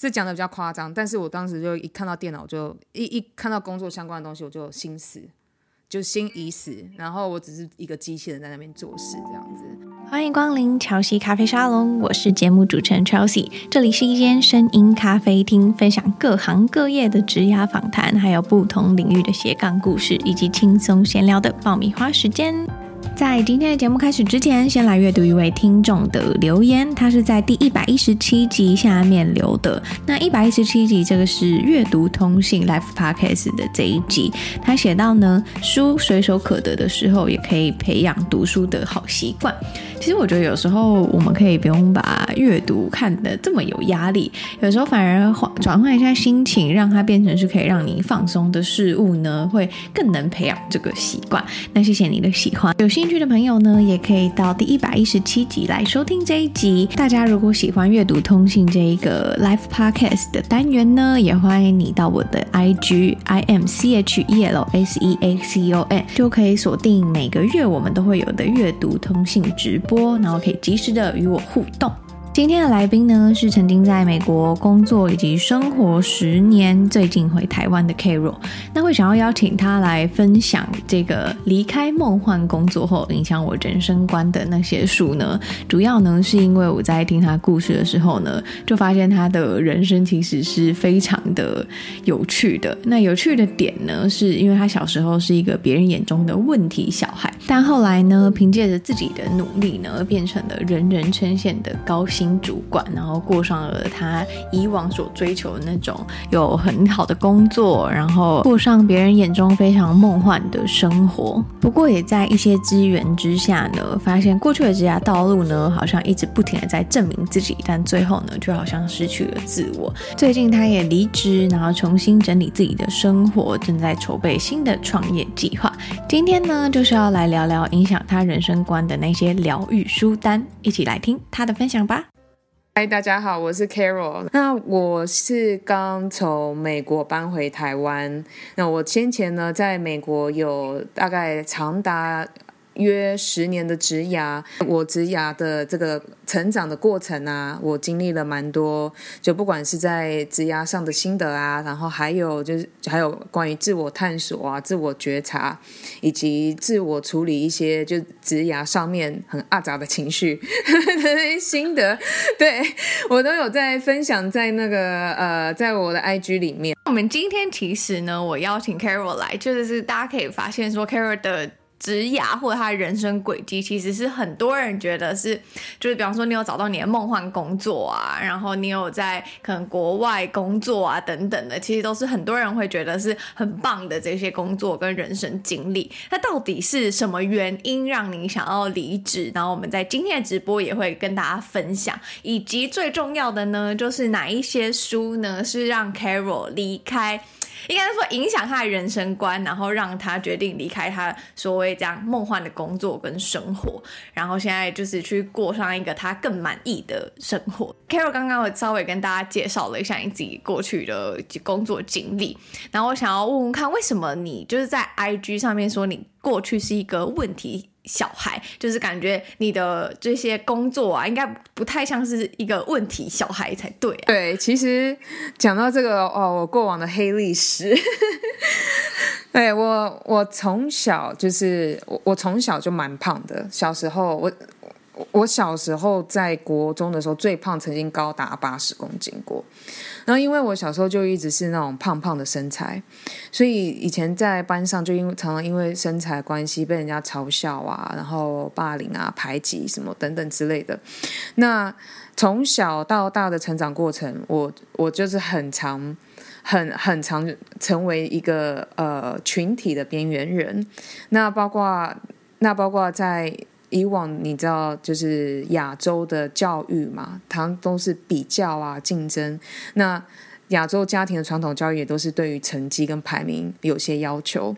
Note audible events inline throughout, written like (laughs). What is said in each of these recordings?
這講得比較誇張，但是我當時就一看到電腦就，就一一看到工作相關的東西，我就心死，就心已死，然後我只是一個機器人在那邊做事，這樣子。歡迎光臨喬西咖啡沙龍，我是節目主持人喬西，這裡是一間聲音咖啡廳，分享各行各業的職涯訪談，還有不同領域的斜槓故事，以及輕鬆閒聊的爆米花時間。在今天的節目開始之前，先來閱讀一位聽眾的留言，他是在第一百一十七集下面留的。那一百一十七集，這個是閱讀通信 Live Podcast 的這一集。他寫到呢，書隨手可得的時候，也可以培養讀書的好習慣。其實我覺得有時候我們可以不用把閱讀看得這麼有壓力，有時候反而換轉換一下心情，讓它變成是可以讓你放鬆的事物呢，會更能培養這個習慣。那謝謝你的喜歡，有興趣的朋友呢，也可以到第一百一十七集來收聽這一集。大家如果喜歡閱讀通信這一個 Live Podcast 的單元呢，也歡迎你到我的 IG I M C H E L S E A C O M，就可以鎖定每個月我們都會有的閱讀通信直播。播，然後可以及時的與我互動。今天的來賓呢，是曾經在美國工作以及生活十年，最近回台灣的 Caro。那會想要邀請他來分享這個離開夢幻工作後影響我人生觀的那些書呢？主要呢是因為我在聽他故事的時候呢，就發現他的人生其實是非常的有趣的。那有趣的點呢，是因為他小時候是一個別人眼中的問題小孩。但後來呢，憑借着自己的努力呢，變成了人人稱羨的高薪主管，然後過上了他以往所追求的那種有很好的工作，然後過上別人眼中非常夢幻的生活。不過也在一些資源之下呢，發現過去的這條道路呢，好像一直不停的在證明自己，但最後呢，就好像失去了自我。最近他也離職，然後重新整理自己的生活，正在籌備新的創業計劃。今天呢，就是要來聊。聊聊影響他人生觀的那些療癒書單，一起來聽他的分享吧。嗨，大家好，我是 Caro。那我是剛從美國搬回台灣。那我先前呢，在美國有大概長達。約十年的職涯，我職涯的這個成長的過程啊，我經歷了蠻多，就不管是在職涯上的心得啊，然後還有就是還有關於自我探索啊、自我覺察，以及自我處理一些就職涯上面很阿雜的情緒 (laughs) 心得，對我都有在分享在那個呃，在我的 IG 裡面。我們今天其實呢，我邀請 Caro 來，就是大家可以發現說 Caro 的。職涯，或者他的人生軌跡，其實是很多人覺得是，就是比方說你有找到你的夢幻工作啊，然後你有在可能國外工作啊等等的，其實都是很多人會覺得是很棒的這些工作跟人生經歷。那到底是什麼原因讓你想要離職？然後我們在今天的直播也會跟大家分享，以及最重要的呢，就是哪一些書呢是讓 Caro 離開。應該說影響他的人生觀，然後讓他決定離開他所謂這樣夢幻的工作跟生活，然後現在就是去過上一個他更滿意的生活。Caro 剛剛我稍微跟大家介紹了一下你自己過去的工作經歷，然後我想要問問看，為什麼你就是在 IG 上面說你過去是一個問題小孩就是感覺你的這些工作啊，應該不太像是一個問題小孩才對啊。對，其實講到這個哦，我過往的黑歷史， (laughs) 對我我從小就是我，我從小就蠻胖的，小時候我我我小時候在國中的時候最胖，曾經高達八十公斤過。然後，因為我小時候就一直是那種胖胖的身材，所以以前在班上就因為常常因為身材關係被人家嘲笑啊，然後霸凌啊、排擠什麼等等之類的。那從小到大的成長過程，我我就是很常、很很常成為一個呃群體的邊緣人。那包括那包括在。以往你知道，就是亞洲的教育嘛，它都是比較啊競爭。那亞洲家庭的傳統教育也都是對於成績跟排名有些要求。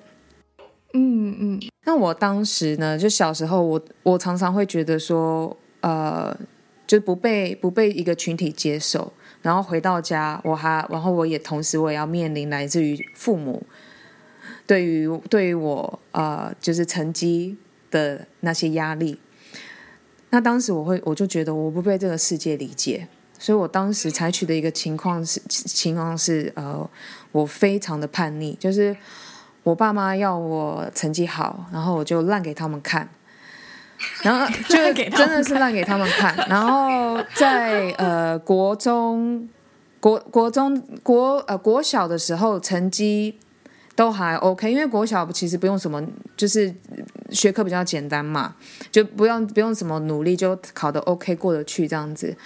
嗯，嗯嗯。那我當時呢，就小時候我我常常會覺得說，呃，就不被不被一個群體接受。然後回到家，我還，然後我也同時我也要面臨來自於父母對於對於我，呃，就是成績。的那些壓力，那當時我會，我就覺得我不被這個世界理解，所以我當時採取的一個情況是，情況是，呃，我非常的叛逆，就是我爸媽要我成績好，然後我就爛給他們看，然後就真的是爛給他們看，然後在呃國中國國中國呃國小的時候成績，都還 OK，因為國小其實不用什麼，就是學科比較簡單嘛，就不用不用什麼努力，就考得 OK 過得去這樣子。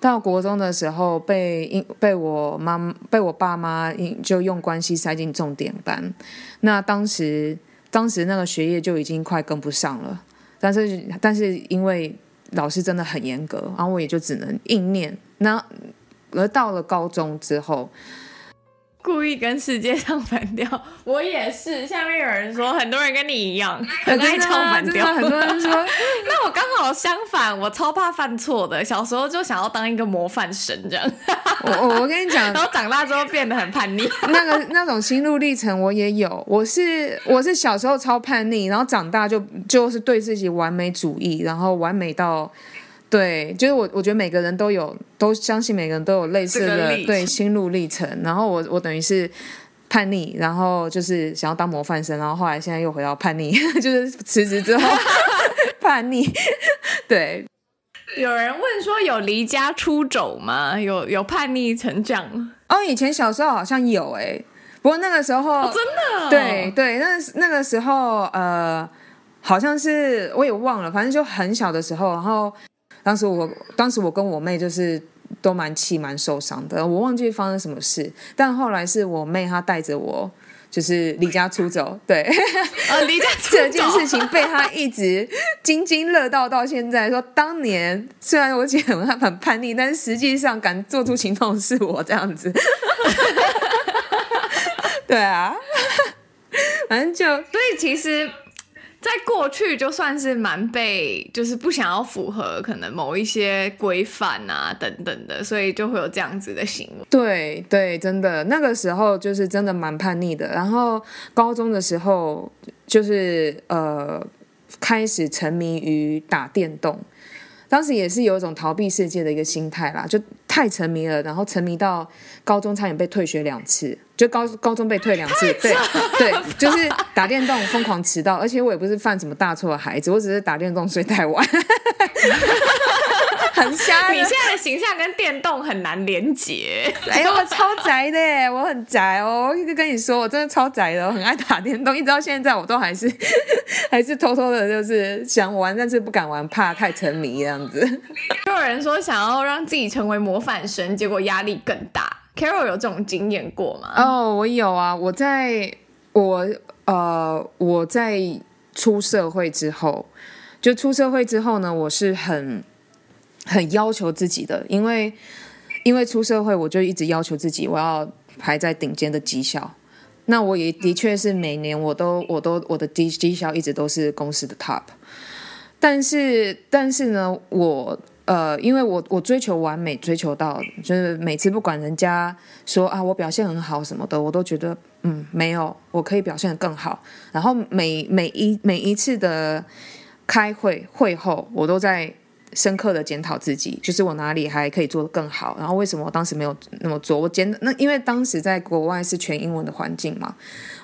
到國中的時候，被因被我媽被我爸媽就用關係塞進重點班，那當時當時那個學業就已經快跟不上了，但是但是因為老師真的很嚴格，然後我也就只能硬念。那而到了高中之後。故意跟世界唱反調，我也是。下面有人說，很多人跟你一樣，很愛唱反調。很多人說， (laughs) 那我剛好相反，我超怕犯錯的。小時候就想要當一個模範生這樣。 (laughs) 我我跟你講， (laughs) 然後長大之後變得很叛逆。 (laughs) 那個那種心路歷程我也有。我是我是小時候超叛逆，然後長大就就是對自己完美主義，然後完美到。對，就是我，我覺得每個人都有，都相信每個人都有類似的對心路歷程。然後我，我等於是叛逆，然後就是想要當模範生，然後後來現在又回到叛逆，就是辭職之後 (laughs) (laughs) 叛逆。對，有人問說有離家出走嗎？有有叛逆成長？哦，以前小時候好像有哎、欸，不過那個時候、哦、真的、哦，對對，那那個時候呃，好像是我也忘了，反正就很小的時候，然後。當時我，當時我跟我妹就是都蠻氣、蠻受傷的。我忘記發生什麼事，但後來是我妹她帶着我，就是離家出走。對，嗯、離家出走 (laughs) 這件事情被她一直津津樂道到現在。說當年雖然我姐很，很叛逆，但是實際上敢做出行動是我這樣子。 (laughs) (laughs) 對啊，反正就所以其實。在過去，就算是蠻被，就是不想要符合可能某一些規範啊等等的，所以就會有這樣子的行為。對對，真的那個時候就是真的蠻叛逆的。然後高中的時候，就是呃開始沉迷於打電動。當時也是有一種逃避世界的一個心態啦，就太沉迷了，然後沉迷到高中差點被退學兩次，就高高中被退兩次，對對，就是打電動瘋狂遲到，而且我也不是犯什麼大錯的孩子，我只是打電動睡太晚。 (laughs) 很香。 (laughs) 你現在的形象跟電動很難連接。 (laughs) 哎呦我超宅的，我很宅哦。我一直跟你說，我真的超宅的，我很愛打電動。一直到現在，我都還是 (laughs) 還是偷偷的，就是想玩，但是不敢玩，怕太沉迷這樣子。就 (laughs) 有人說想要讓自己成為模範生，結果壓力更大。Caro 有這種經驗過嗎？哦，oh, 我有啊。我在我呃我在出社會之後，就出社會之後呢，我是很。很要求自己的，因為因為出社會，我就一直要求自己，我要排在頂尖的績效。那我也的確是每年我都我都我的績績效一直都是公司的 top。但是但是呢，我呃，因為我我追求完美，追求到就是每次不管人家說啊我表現很好什麼的，我都覺得嗯沒有，我可以表現得更好。然後每每一每一次的開會會後，我都在。深刻的檢討自己，就是我哪裡還可以做的更好，然後為什麼我當時沒有那麼做？我檢那因為當時在國外是全英文的環境嘛，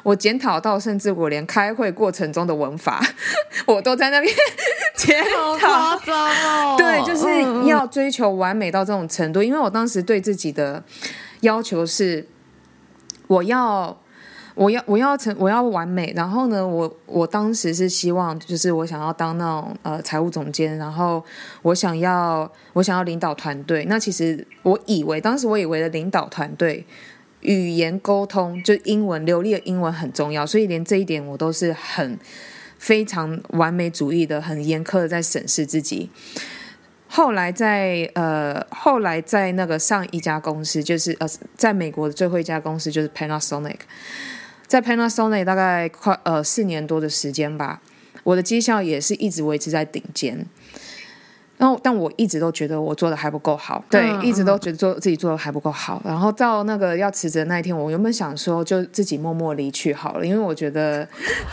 我檢討到甚至我連開會過程中的文法，我都在那邊檢討。好誇張哦！對，就是要追求完美到這種程度，因為我當時對自己的要求是，我要。我要我要成我要完美，然後呢，我我當時是希望就是我想要當那種呃財務總監，然後我想要我想要領導團隊。那其實我以為當時我以為的領導團隊，語言溝通就是英文流利的英文很重要，所以連這一點我都是很非常完美主義的，很嚴苛的在審視自己。後來在呃後來在那個上一家公司就是呃在美國的最後一家公司就是 Panasonic。在 Panasonic 大概快呃四年多的時間吧，我的績效也是一直維持在頂尖。然後，但我一直都覺得我做得還不夠好，對，嗯、一直都覺得做自己做得還不夠好。然後到那個要辭職的那一天，我原本想說就自己默默離去好了，因為我覺得，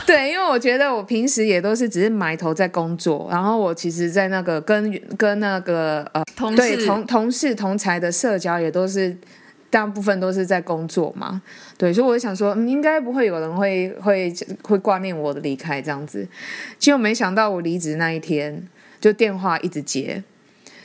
對，因為我覺得我平時也都是只是埋頭在工作，然後我其實，在那個跟跟那個呃同事同同事同才的社交也都是。大部分都是在工作嘛，對，所以我想說，嗯，應該不會有人會會會掛念我的離開這樣子。結果沒想到，我離職那一天，就電話一直接。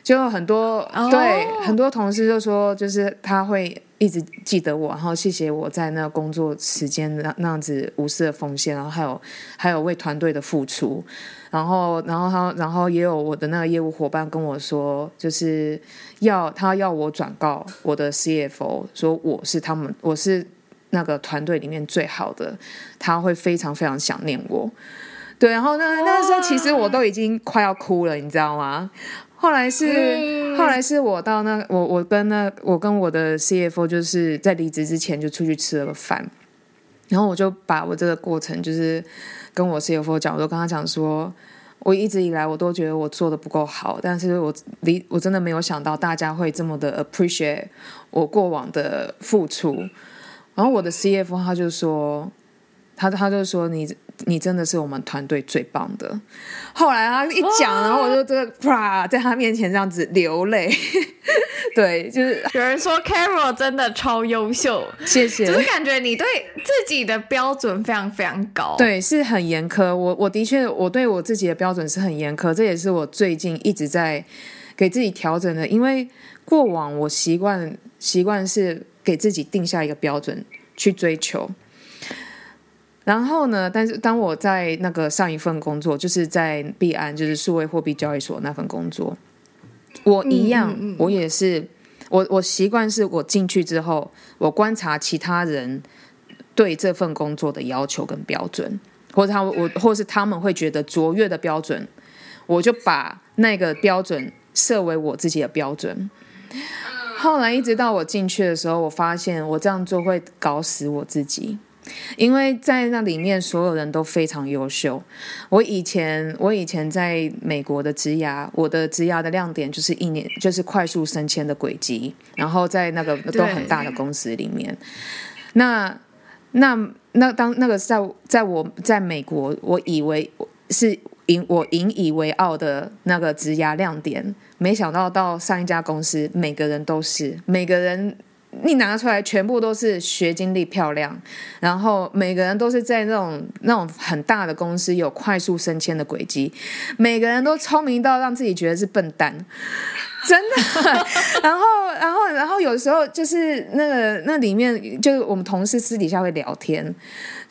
就很多對，oh. 很多同事就說，就是他會一直記得我，然後謝謝我在那個工作時間那那樣子無私的奉獻，然後還有還有為團隊的付出，然後然後他然後也有我的那個業務夥伴跟我說，就是要他要我轉告我的 CFO 說我是他們我是那個團隊裡面最好的，他會非常非常想念我。對，然後那那個時候其實我都已經快要哭了，你知道嗎？後來是，嗯，後來是我到那我我跟那我跟我的 CFO 就是在離職之前就出去吃了個飯，然後我就把我這個過程就是跟我 CFO 講，我都跟他講說，我一直以來我都覺得我做得不夠好，但是我離我真的沒有想到大家會這麼的 appreciate 我過往的付出，然後我的 CFO 他就說。他他就說你你真的是我們團隊最棒的。後來他一講，哇然後我就這個啪，在他面前這樣子流淚。 (laughs) 對，就是有人說 Caro 真的超優秀，謝謝。就是感覺你對自己的標準非常非常高，對，是很嚴苛。我我的確，我對我自己的標準是很嚴苛，這也是我最近一直在給自己調整的。因為過往我習慣習慣是給自己定下一個標準去追求。然後呢，但是當我在那個上一份工作，就是在幣安，就是數位貨幣交易所那份工作，我一樣，我也是，我我習慣是，我進去之後，我觀察其他人對這份工作的要求跟標準，或者他我，或是他們會覺得卓越的標準，我就把那個標準設為我自己的標準。後來一直到我進去的時候，我發現我這樣做會搞死我自己。因為在那裡面，所有人都非常優秀。我以前，我以前在美國的職涯，我的職涯的亮點就是一年，就是快速升遷的軌跡。然後在那個都很大的公司裡面，對那、那、那當那個在在我在美國，我以為是引我引以為傲的那個職涯亮點，沒想到到上一家公司，每個人都是每個人。你拿出來全部都是學經歷漂亮，然後每個人都是在那種那種很大的公司有快速升遷的軌跡，每個人都聰明到讓自己覺得是笨蛋，真的。 (laughs) 然後，然後，然後，有時候就是那個那裡面，就是我們同事私底下會聊天。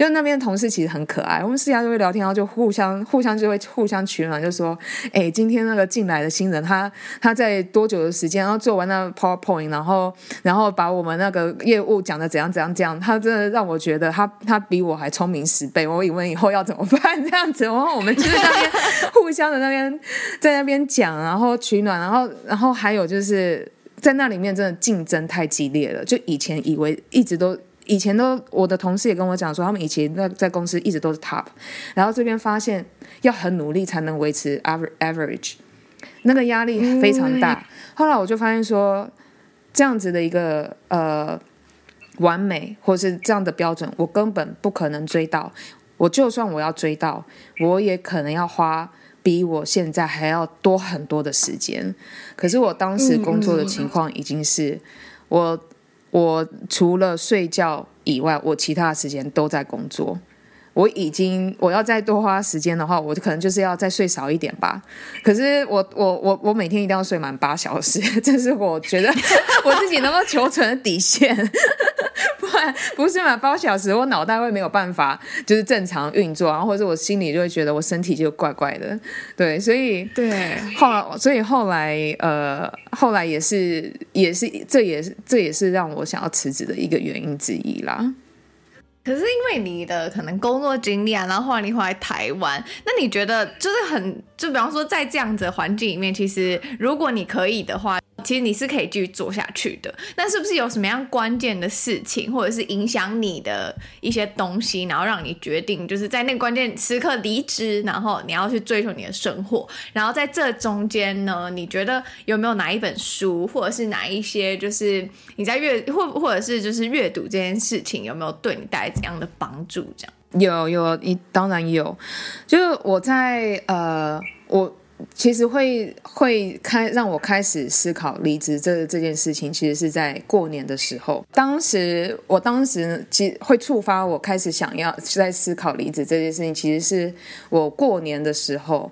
因為那邊同事其實很可愛，我們私下就會聊天，然後就互相互相就會互相取暖，就說：“哎、欸，今天那個進來的新人，他他在多久的時間，然後做完那個 PowerPoint，然後然後把我們那個業務講得怎樣怎樣怎樣。”他真的讓我覺得他他比我還聰明十倍，我以為以後要怎麼辦這樣子。然後我們就在那邊 (laughs) 互相的那邊在那邊講，然後取暖，然後然後還有就是在那裡面真的競爭太激烈了，就以前以為一直都。以前都，我的同事也跟我講說，他們以前在在公司一直都是 top，然後這邊發現要很努力才能維持 average，那個壓力非常大。後來我就發現說，這樣子的一個呃完美，或是這樣的標準，我根本不可能追到。我就算我要追到，我也可能要花比我現在還要多很多的時間。可是我當時工作的情況，已經是我。我除了睡覺以外，我其他的時間都在工作。我已經我要再多花時間的話，我可能就是要再睡少一點吧。可是我我我我每天一定要睡滿八小時，這是我覺得我自己能夠求存的底線。 (laughs) (laughs) (laughs) 不是嘛？八小時，我腦袋會沒有辦法，就是正常運作，然後或者我心裡就會覺得我身體就怪怪的，對，所以對，後來所以後來呃，後來也是也是，這也是這也是讓我想要辭職的一個原因之一啦。可是因為你的可能工作經歷啊，然後後來你回來台灣，那你覺得就是很，就比方說在這樣子的環境裡面，其實如果你可以的話。其實你是可以繼續做下去的，那是不是有什麼樣關鍵的事情，或者是影響你的一些東西，然後讓你決定就是在那個關鍵時刻離職，然後你要去追求你的生活？然後在這中間呢，你覺得有沒有哪一本書，或者是哪一些，就是你在閱或或者是就是閱讀這件事情，有沒有對你帶來怎樣的幫助這樣？有有，一當然有，就我在呃我。其實會會開讓我開始思考離職這這件事情，其實是在過年的時候。當時我當時其實會觸發我開始想要在思考離職這件事情，其實是我過年的時候，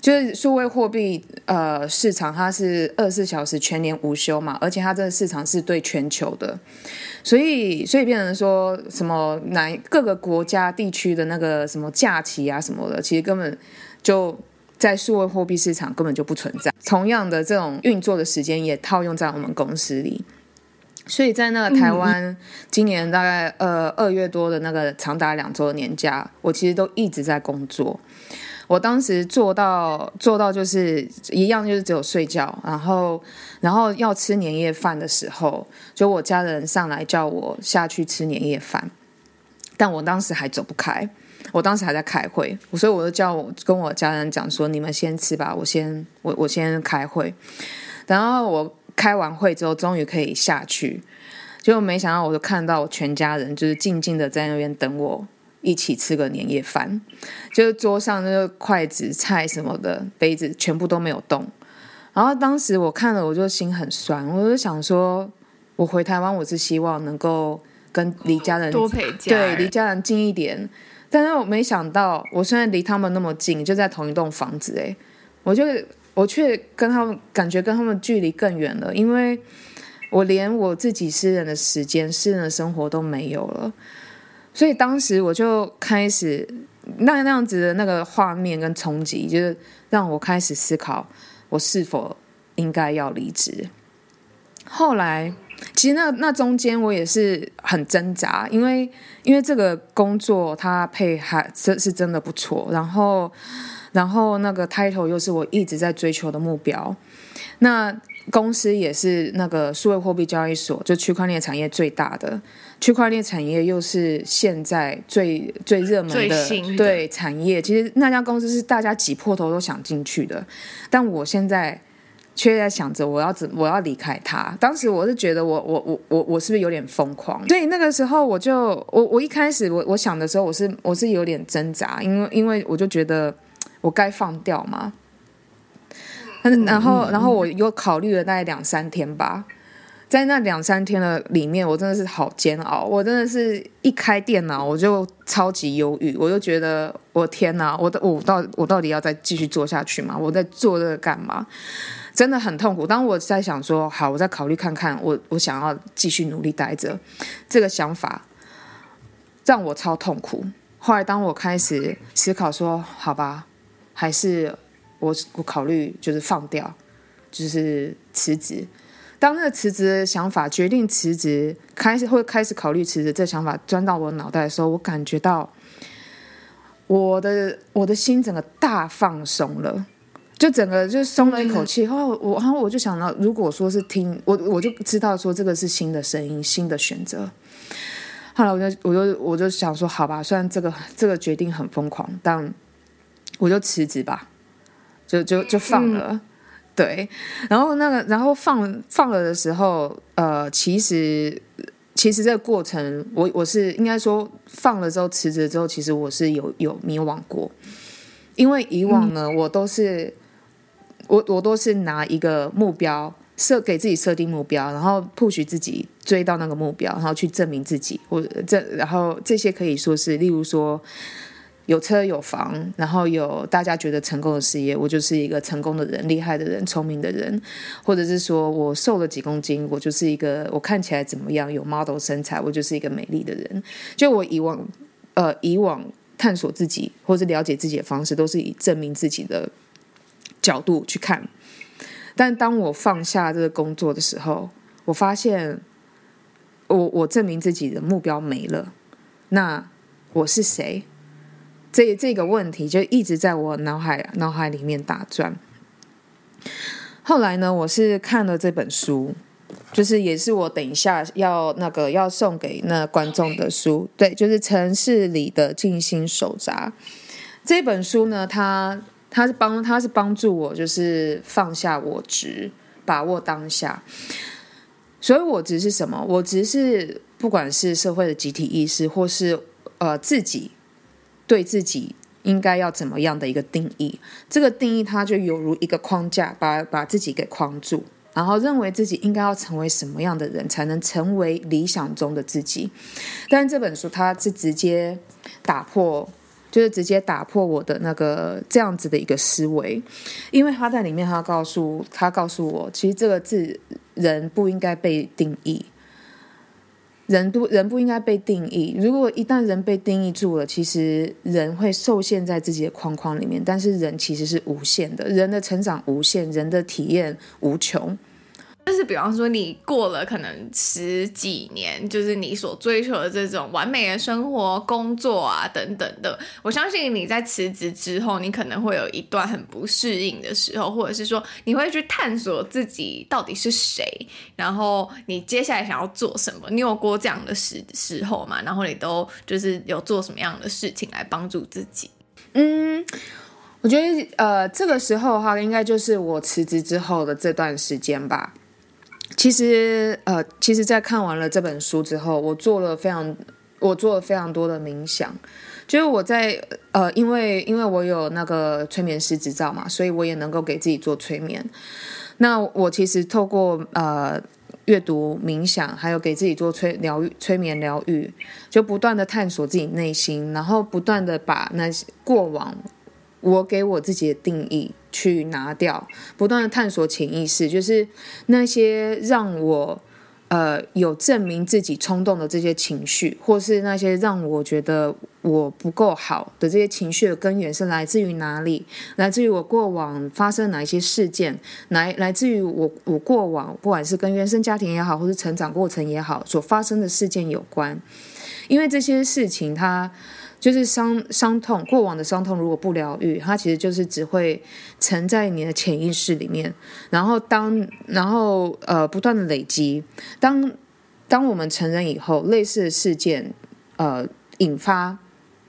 就是數位貨幣呃市場它是二十四小時全年無休嘛，而且它這個市場是對全球的，所以所以變成說什麼來各個國家地區的那個什麼假期啊什麼的，其實根本就。在數位貨幣市場根本就不存在。同樣的這種運作的時間也套用在我們公司裡，所以在那個台灣，嗯，今年大概呃二月多的那個長達兩周的年假，我其實都一直在工作。我當時做到做到就是一樣，就是只有睡覺。然後然後要吃年夜飯的時候，就我家的人上來叫我下去吃年夜飯，但我當時還走不開。我當時還在開會，所以我就叫我跟我家人講說：“你們先吃吧，我先我我先開會。”然後我開完會之後，終於可以下去，結果沒想到我就看到全家人就是靜靜的在那邊等我，一起吃個年夜飯。就是桌上那個筷子、菜什麼的、杯子全部都沒有動。然後當時我看了，我就心很酸，我就想說：我回台灣，我是希望能夠跟離家人多陪家，對離家人近一點。但是我沒想到，我雖然離他們那麼近，就在同一棟房子、欸，誒，我就我卻跟他們感覺跟他們距離更遠了，因為我連我自己私人的時間、私人的生活都沒有了，所以當時我就開始那那樣子的那個畫面跟衝擊，就是讓我開始思考我是否應該要離職。後來。其實那那中間我也是很掙扎，因為因為這個工作它配還這是，是真的不錯，然後然後那個 title 又是我一直在追求的目標。那公司也是那個數位貨幣交易所，就區塊鏈產業最大的，區塊鏈產業又是現在最最熱門的對產業。最細。其實那家公司是大家擠破頭都想進去的，但我現在。卻在想着我要怎我要離開他。當時我是覺得我我我我我是不是有點瘋狂？對，那個時候我就我我一開始我我想的時候，我是我是有點掙扎，因為因為我就覺得我該放掉嘛。嗯，然後然後我又考慮了大概兩三天吧。在那兩三天的裡面，我真的是好煎熬。我真的是一開電腦，我就超級憂鬱，我就覺得我天哪，我的我到我到底要再繼續做下去嗎？我在做這個幹嘛？真的很痛苦。當我在想說，好，我再考慮看看，我我想要繼續努力待着，這個想法讓我超痛苦。後來，當我開始思考說，好吧，還是我我考慮就是放掉，就是辭職。當那個辭職的想法，決定辭職，開始會開始考慮辭職這想法鑽到我腦袋的時候，我感覺到我的我的心整個大放鬆了，就整個就鬆了一口氣。然、嗯、後來我，然後我就想到，如果說是聽我，我就知道說這個是新的聲音，新的選擇。後來我就我就我就想說，好吧，雖然這個這個決定很瘋狂，但我就辭職吧，就就就放了。嗯對，然後那個，然後放放了的時候，呃，其實其實這個過程，我我是應該說放了之後辭職之後，其實我是有有迷惘過，因為以往呢，嗯，我都是我我都是拿一個目標設給自己設定目標，然後 push 自己追到那個目標，然後去證明自己，我這然後這些可以說是，例如說。有車有房，然後有大家覺得成功的事業，我就是一個成功的人、厲害的人、聰明的人，或者是說我瘦了幾公斤，我就是一個我看起來怎麼樣有 model 身材，我就是一個美麗的人。就我以往呃以往探索自己或是了解自己的方式，都是以證明自己的角度去看。但當我放下這個工作的時候，我發現我我證明自己的目標沒了，那我是誰？這這個問題就一直在我腦海腦海裡面打轉。後來呢，我是看了這本書，就是也是我等一下要那個要送給那觀眾的書，對，就是《城市裡的靜心手札》這本書呢，它它是幫它是幫助我，就是放下我執，把握當下。所以我執是什麼？我執是不管是社會的集體意識，或是呃自己，對自己應該要怎麼樣的一個定義，這個定義它就猶如一個框架把，把把自己給框住，然後認為自己應該要成為什麼樣的人才能成為理想中的自己。但這本書它是直接打破，就是直接打破我的那個這樣子的一個思維，因為他在裡面他告訴他告訴我，其實這個字人不應該被定義。人不，人不應該被定義。如果一旦人被定義住了，其實人會受限在自己的框框裡面。但是人其實是無限的，人的成長無限，人的體驗無窮。就是比方說，你過了可能十幾年，就是你所追求的這種完美的生活、工作啊等等的。我相信你在辭職之後，你可能會有一段很不適應的時候，或者是說你會去探索自己到底是誰，然後你接下來想要做什麼。你有過這樣的時時候嘛，然後你都就是有做什麼樣的事情來幫助自己？嗯，我覺得呃，這個時候哈，應該就是我辭職之後的這段時間吧。其實，呃，其實，在看完了這本書之後，我做了非常，我做了非常多的冥想，就是我在，呃，因為因為我有那個催眠師執照嘛，所以我也能夠給自己做催眠。那我其實透過呃閱讀、冥想，還有給自己做催療、催眠療癒，就不斷地探索自己內心，然後不斷地把那些過往，我給我自己的定義去拿掉，不斷的探索潛意識，就是那些讓我呃有證明自己衝動的這些情緒，或是那些讓我覺得我不夠好的這些情緒的根源是來自於哪裡？來自於我過往發生哪一些事件，來來自於我我過往不管是跟原生家庭也好，或是成長過程也好，所發生的事件有關，因為這些事情它。就是傷傷痛，過往的傷痛如果不療癒，它其實就是只會沉在你的潛意識裡面。然後當然後呃不斷的累積，當當我們成人以後，類似的事件呃引發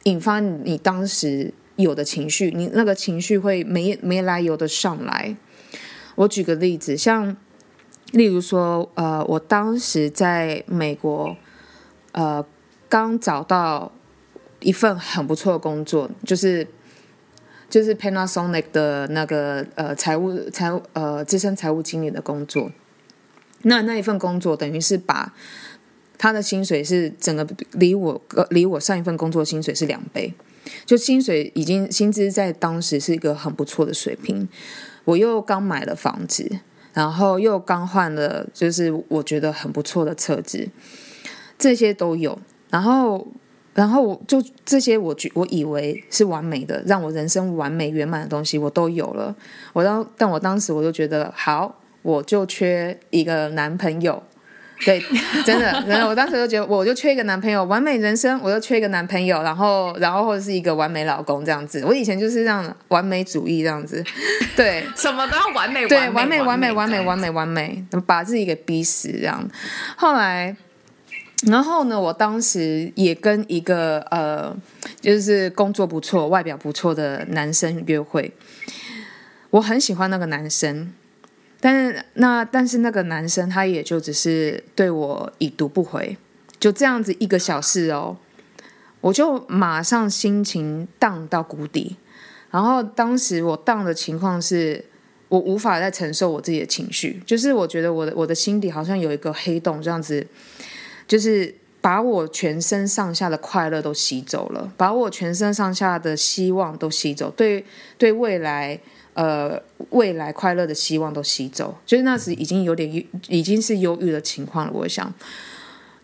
引發你當時有的情緒，你那個情緒會沒沒來由的上來。我舉個例子，像例如說呃我當時在美國，呃剛找到。一份很不錯的工作，就是就是 Panasonic 的那個呃財務財務呃資深財務經理的工作。那那一份工作等於是把他的薪水是整個離我、呃、離我上一份工作薪水是兩倍，就薪水已經薪資在當時是一個很不錯的水平。我又剛買了房子，然後又剛換了就是我覺得很不錯的車子，這些都有，然後。然後我就這些我，我覺我以為是完美的，讓我人生完美圓滿的東西，我都有了。我當但我當時我就覺得，好，我就缺一個男朋友。對，真的，真的，然後，我當時就覺得，我就缺一個男朋友，完美人生，我就缺一個男朋友。然後，然後或者是一個完美老公這樣子。我以前就是這樣完美主義這樣子，對， (laughs) 什麼都要完美，對，完美，完美，完美，完美，完美，把自己給逼死這樣。後來。然後呢，我當時也跟一個呃，就是工作不錯、外表不錯的男生約會。我很喜歡那個男生，但是那但是那個男生他也就只是對我已讀不回，就這樣子一個小事哦，我就馬上心情盪到谷底。然後當時我盪的情況是我無法再承受我自己的情緒，就是我覺得我的我的心底好像有一個黑洞這樣子。就是把我全身上下的快樂都吸走了，把我全身上下的希望都吸走，對，對未來，呃，未來快樂的希望都吸走。就是那時已經有點已經是憂鬱的情況了。我想，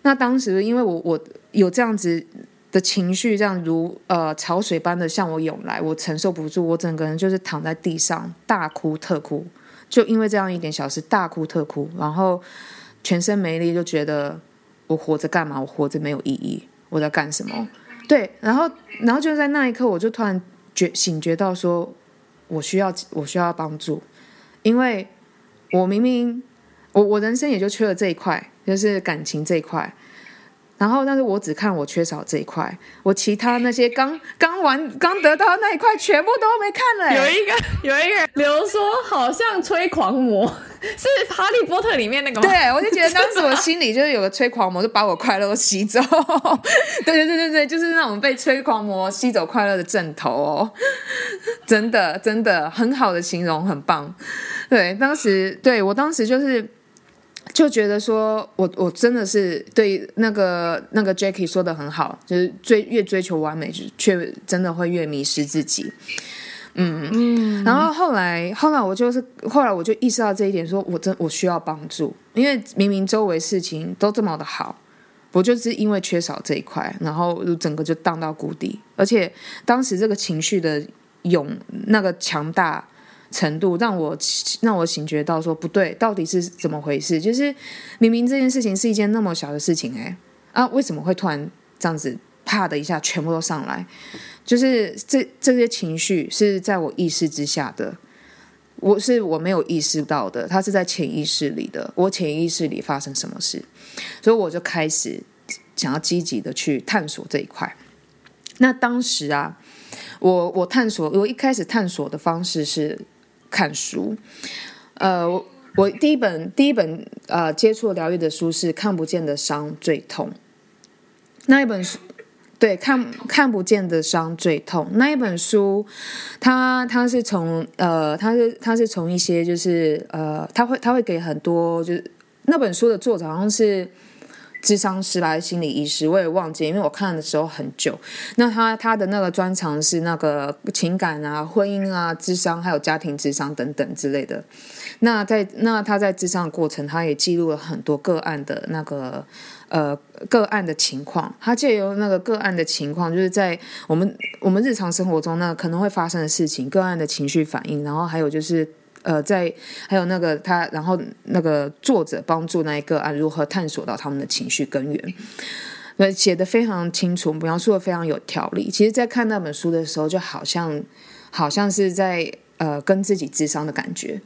那當時因為我我有這樣子的情緒，這樣如呃潮水般的向我湧來，我承受不住，我整個人就是躺在地上大哭特哭，就因為這樣一點小事大哭特哭，然後全身沒力，就覺得。我活着幹嘛？我活着沒有意義。我在幹什麼？對，然後，然後就在那一刻，我就突然覺醒覺到說，說我需要，我需要幫助，因為我明明，我我人生也就缺了這一塊，就是感情這一塊。然後，但是我只看我缺少這一塊，我其他那些剛剛完、剛得到的那一塊，全部都沒看了、欸。有一個，有一個，比如說好像催狂魔是《哈利波特》裡面那個。對，我就覺得當時我心裡就是有個催狂魔，就把我快樂都吸走。對 (laughs) 對對對對，就是那種被催狂魔吸走快樂的枕頭哦，真的真的很好的形容，很棒。對，當時對我當時就是。就覺得說我，我我真的是對，那個那個 Jackie 說的很好，就是追，越追求完美，卻真的會越迷失自己。嗯嗯。然後後來後來我就是後來我就意識到這一點，說我真我需要幫助，因為明明周圍事情都這麼的好，我就是因為缺少這一塊，然後就整個就盪到谷底，而且當時這個情緒的湧那個強大。程度讓我讓我醒覺到說不對，到底是怎麼回事？就是明明這件事情是一件那麼小的事情，欸，哎啊，為什麼會突然這樣子？啪的一下，全部都上來，就是這這些情緒是在我意識之下的，我是我沒有意識到的，它是在潛意識裡的。我潛意識裡發生什麼事？所以我就開始想要積極的去探索這一塊。那當時啊，我我探索，我一開始探索的方式是。看書，呃，我我第一本第一本呃接觸療癒的書是《看不見的傷最痛》那一本書，對，看看不見的傷最痛那一本書，它它是從呃，它是它是從一些就是呃，他會他會給很多就是那本書的作者好像是。諮商師來，心理醫師我也忘記，因為我看的時候很久。那他他的那個專長是那個情感啊、婚姻啊、諮商，還有家庭諮商等等之類的。那在那他在諮商的過程，他也記錄了很多個案的那個呃個案的情況。他借由那個個案的情況，就是在我們我們日常生活中那可能會發生的事情，個案的情緒反應，然後還有就是。呃，在還有那個他，然後那個作者幫助那一個啊，如何探索到他們的情緒根源，那寫的非常清楚，描述的非常有條理。其實，在看那本書的時候，就好像好像是在呃跟自己諮商的感覺，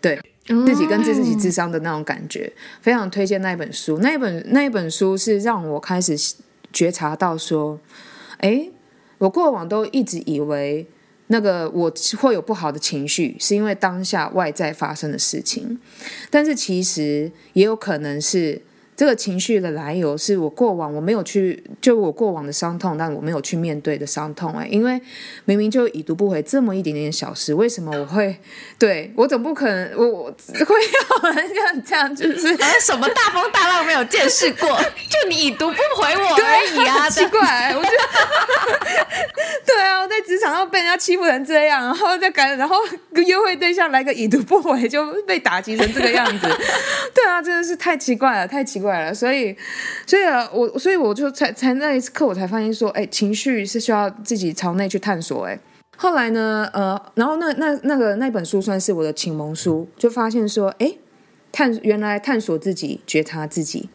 對、嗯、自己跟自，自己諮商的那種感覺。非常推薦那本書，那本那本書是讓我開始覺察到說，哎，我過往都一直以為。那個我會有不好的情緒，是因為當下外在發生的事情，但是其實也有可能是。這個情緒的來由是我過往我沒有去，就我過往的傷痛，但我沒有去面對的傷痛、欸。哎，因為明明就已讀不回這麼一點點小事，為什麼我會，對，我總不可能我我會有人像這樣就是什麼大風大浪沒有見識過， (laughs) 就你已讀不回我而已啊？奇怪、欸，我覺得 (laughs) (laughs) 對啊，我在職場上被人家欺負成這樣，然後再感，然後約會對象來個已讀不回，就被打擊成這個樣子，對啊，真的是太奇怪了，太奇怪。所以，所以、啊、我所以我就才才那一次課，我才發現說，哎、欸，情緒是需要自己朝內去探索。欸。哎，後來呢，呃，然後那那那個那本書算是我的啟蒙書，就發現說，哎、欸，探原來探索自己，覺察自己，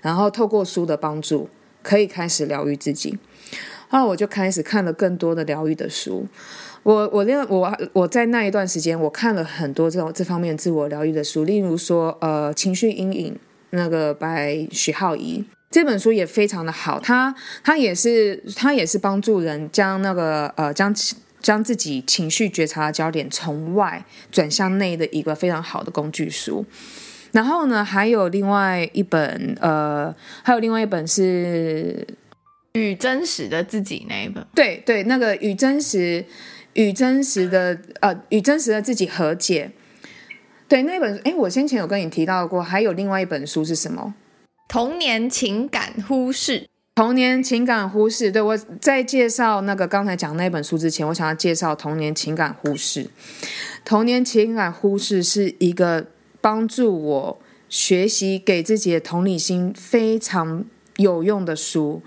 然後透過書的幫助，可以開始療癒自己。後來我就開始看了更多的療癒的書。我我我我在那一段時間，我看了很多這種這方面自我療癒的書，例如說，呃，情緒陰影。那個 by 許皓宜，這本書也非常的好，他他也是他也是幫助人將那個呃、將將自己情緒覺察的焦點從外轉向內的一個非常好的工具書。然後呢，還有另外一本呃，還有另外一本是與真實的自己那一本。對對，那個與真實與真實的呃，與真實的自己和解。對，那本書，哎，我先前有跟你提到過，還有另外一本書是什麼？童年情感忽視。童年情感忽視，對，我在介紹那個剛才講那本書之前，我想要介紹童年情感忽視。童年情感忽視是一個幫助我學習給自己的同理心非常有用的書。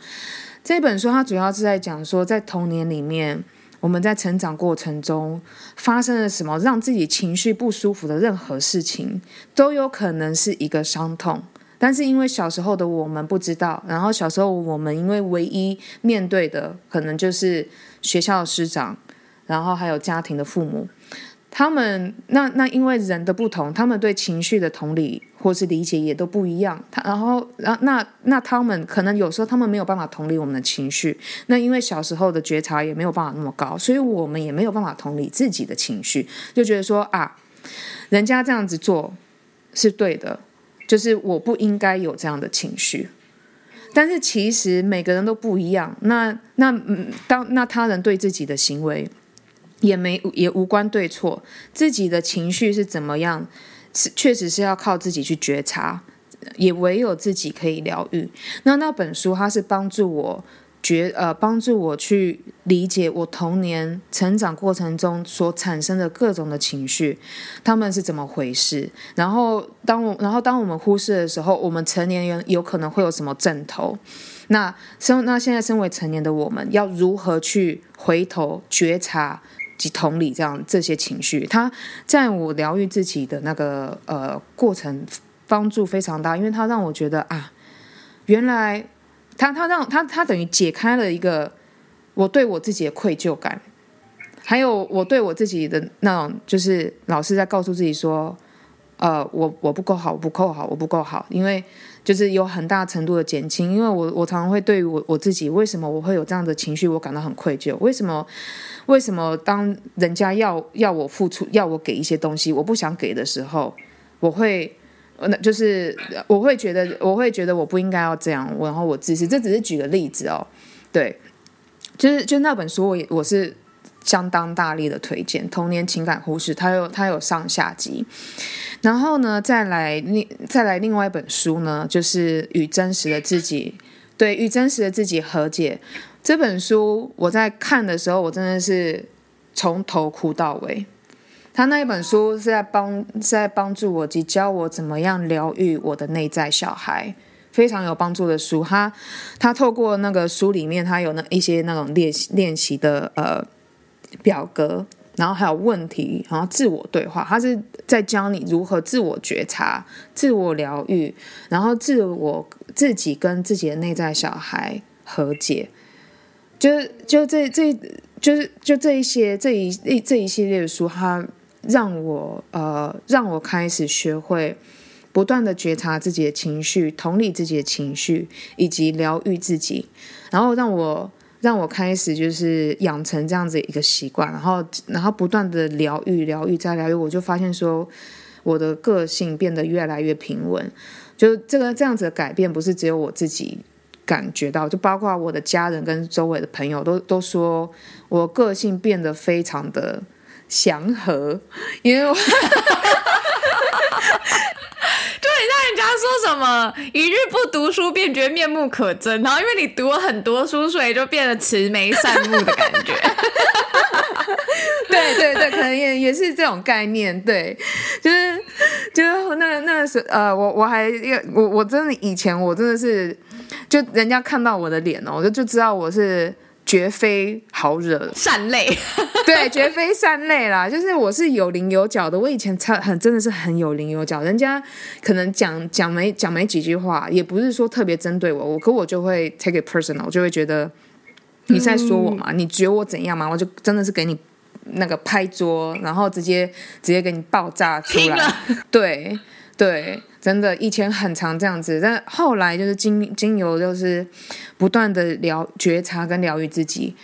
這本書它主要是在講說，在童年裡面。我們在成長過程中發生了什麼讓自己情緒不舒服的任何事情，都有可能是一個傷痛。但是因為小時候的我們不知道，然後小時候我們因為唯一面對的可能就是學校的師長，然後還有家庭的父母。他們那，那因為人的不同，他們對情緒的同理或是理解也都不一樣。他然後然、啊、那那他們可能有時候他們沒有辦法同理我們的情緒，那因為小時候的覺察也沒有辦法那麼高，所以我們也沒有辦法同理自己的情緒，就覺得說啊，人家這樣子做是對的，就是我不應該有這樣的情緒。但是其實每個人都不一樣。那那嗯，當那他人對自己的行為。也沒也無關對錯，自己的情緒是怎麼樣，是確實是要靠自己去覺察，也唯有自己可以療癒。那那本書它是幫助我覺呃幫助我去理解我童年成長過程中所產生的各種的情緒，他們是怎麼回事？然後當我然後當我們忽視的時候，我們成年人有可能會有什麼症頭？那身，那現在身為成年的我們要如何去回頭覺察？同理這樣，這些情緒，他在我療癒自己的那個呃過程幫助非常大，因為他讓我覺得啊，原來他他讓他他等於解開了一個我對我自己的愧疚感，還有我對我自己的那種就是老是在告訴自己說，呃，我我不夠好，我不夠好，我不夠好，因為。就是有很大程度的減輕，因為我我常常會對於我我自己為什麼我會有這樣的情緒，我感到很愧疚。為什麼為什麼當人家要要我付出，要我給一些東西，我不想給的時候，我會那就是我會覺得我會覺得我不應該要這樣，我然後我自私。這只是舉個例子哦，對，就是就那本書我，我我是。相當大力的推薦《童年情感忽視》，它有它有上下集。然後呢，再來另再來另外一本書呢，就是《與真實的自己》對《與真實的自己和解》這本書，我在看的時候，我真的是從頭哭到尾。他那一本書是在幫是在幫助我及教我怎麼樣療癒我的內在小孩，非常有幫助的書。他他透過那個書裡面，他有那一些那種練習練習的呃。表格，然後還有問題，然後自我對話，他是在教你如何自我覺察、自我療癒，然後自我自己跟自己的內在小孩和解。就就這這就是就這一些這一這一系列的書，它讓我呃讓我開始學會不斷的覺察自己的情緒、同理自己的情緒，以及療癒自己，然後讓我。讓我開始就是養成這樣子一個習慣，然後然後不斷的療癒、療癒再療癒，我就發現說我的個性變得越來越平穩。就這個這樣子的改變，不是只有我自己感覺到，就包括我的家人跟周圍的朋友都都說我個性變得非常的祥和，因為我。 (laughs) 那人家說什麼“一日不讀書，便覺面目可憎”，然後因為你讀了很多書，所以就變得慈眉善目的感覺。 (laughs) (laughs) 對對對，可能也也是這種概念。對，就是就是那個、那是，呃，我我還我我真的以前我真的是，就人家看到我的臉哦、喔，我就就知道我是。絕非好惹善類累， (laughs) 對，絕非善類啦。就是我是有稜有角的，我以前很，真的是很有稜有角的。人家可能講講沒講沒幾句話，也不是說特別針對我，我可我就會 take it personal，我就會覺得你在說我嘛，你覺得我怎樣嘛，我就真的是給你那個拍桌，然後直接直接給你爆炸出來。對了對。對真的，以前很常這樣子，但後來就是經經由，就是不斷的療覺察跟療癒自己。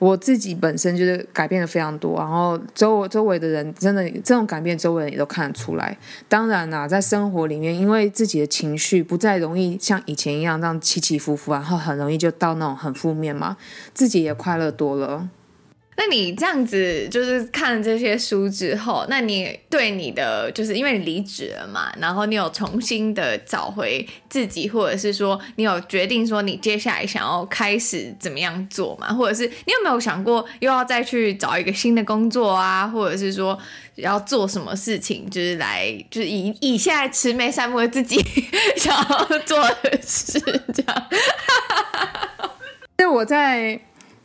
我自己本身就是改變的非常多，然後周圍周圍的人真的這種改變，周圍人也都看得出來。當然啦、啊，在生活裡面，因為自己的情緒不再容易像以前一樣這樣起起伏伏，然後很容易就到那種很負面嘛，自己也快樂多了。那你這樣子就是看了這些書之後，那你對你的就是因為你離職了嘛，然後你有重新的找回自己，或者是說你有決定說你接下來想要開始怎麼樣做嘛？或者是你有沒有想過又要再去找一個新的工作啊，或者是說要做什麼事情，就是來就是以以現在慈眉善目的自己 (laughs) 想要做的事這樣？因為我在。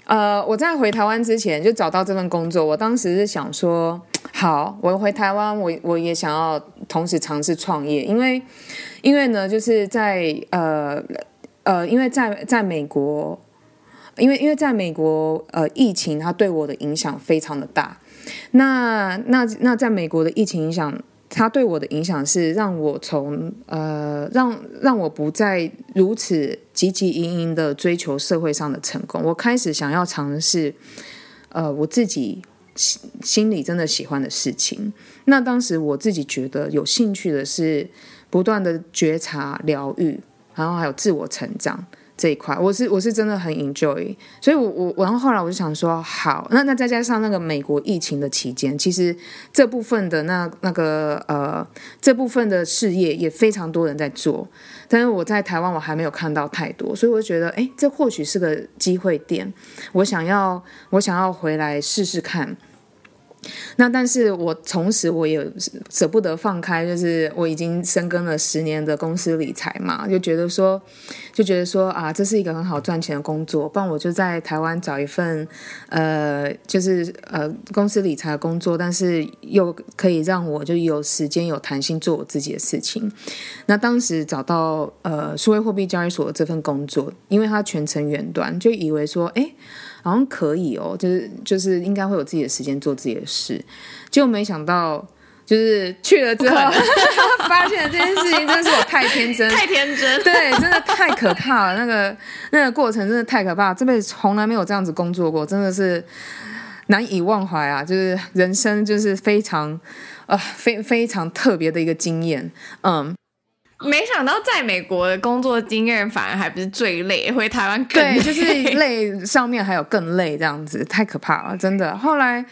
呃，我在回台灣之前就找到這份工作。我當時是想說，好，我回台灣，我我也想要同時嘗試創業，因為，因為呢，就是在呃呃，因為在在美國，因為因為在美國，呃，疫情它對我的影響非常的大。那那那，那在美國的疫情影響。他對我的影響是讓我從呃讓讓我不再如此汲汲營營的追求社會上的成功，我開始想要嘗試呃我自己心心裡真的喜歡的事情。那當時我自己覺得有興趣的是不斷的覺察、療癒，然後還有自我成長。這一塊，我是我是真的很 enjoy，所以我，我我然後後來我就想說，好，那那再加上那個美國疫情的期間，其實這部分的那那個呃這部分的事業也非常多人在做，但是我在台灣我還沒有看到太多，所以我就覺得，欸，這或許是個機會點，我想要我想要回來試試看。那但是，我同時我也捨不得放開，就是我已經深耕了十年的公司理財嘛，就覺得說，就覺得說啊，這是一個很好賺錢的工作，不然我就在台灣找一份，呃，就是呃公司理財的工作，但是又可以讓我就有時間有彈性做我自己的事情。那當時找到呃數位貨幣交易所的這份工作，因為它全程遠端，就以為說，誒。好像可以哦，就是就是應該會有自己的時間做自己的事，結果沒想到就是去了之後， (laughs) 發現這件事情 (laughs) 真的是我太天真，太天真，對，真的太可怕了， (laughs) 那個那個過程真的太可怕了，這輩子從來沒有這樣子工作過，真的是難以忘懷啊，就是人生就是非常啊、呃、非非常特別的一個經驗，嗯。沒想到在美國的工作的經驗反而還不是最累，回台灣更累，就是累，上面還有更累這樣子，太可怕了，真的。後來，